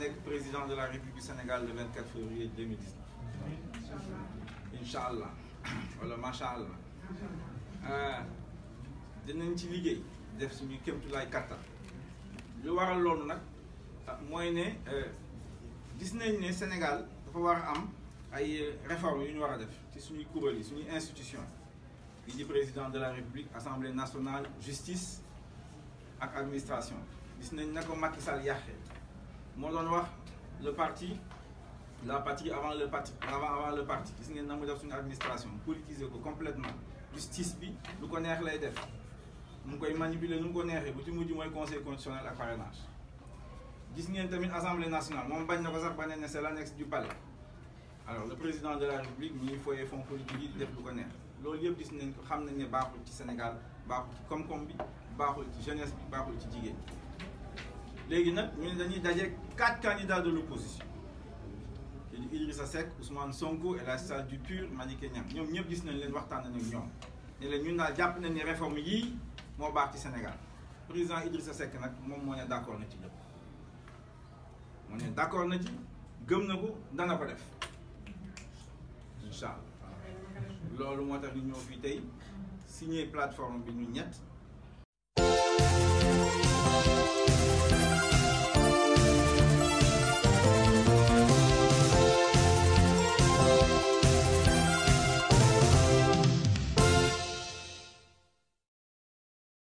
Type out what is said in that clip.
nekk président de la république Sénégal le 24 février 2019 incha allah wala macha allah euh, dinañ ci liggéey def suñu kéemtulaay kattan lu waral loolu nag ah, mooy ne euh, gis nañ ne Sénégal dafa war a am ay euh, réformes yu ñu war a def ci suñuy kuréel yi suñuy institution yi di président de la république assemblée nationale justice ak administration gis nañ na ko Macky moo doon wax le parti la patrie avant le parti avant avant parti gis ngeen na mu def suñu administration politiser ko complètement justice bi lu ko neex lay def mu koy manipuler nu mu ko neexee bu ci mujj mooy conseil constitutionnel ak parrainage gis ngeen tamit assemblée nationale moom bañ na ko sax bañ ne c'est l'annexe du palais alors le président de la république ñuy foyee fonds politique yi di def lu ko neex loolu yëpp gis nañ ko xam nañ ne baaxul ci Sénégal baaxul ci koom-koom bi baaxul ci jeunesse bi baaxul ci jigéen léegi nag ñu ne dañuy daje quatre candidats de l'opposition kii di Idrissa Seck Ousmane Sonko El Hadji Sall du PUR Madické Niang ñoom ñëpp gis nañ leen waxtaan nañ ak ñoom ne leen ñun daal jàpp nañ ni réforme yii moo baax ci Sénégal président Idrissa Seck nag moom moo ne d'accord na ci lépp moo ne d'accord na ci gëm na ko dana ko def incha allah loolu moo tax ñu ñëw fii tey signé plateforme bi ñu ñett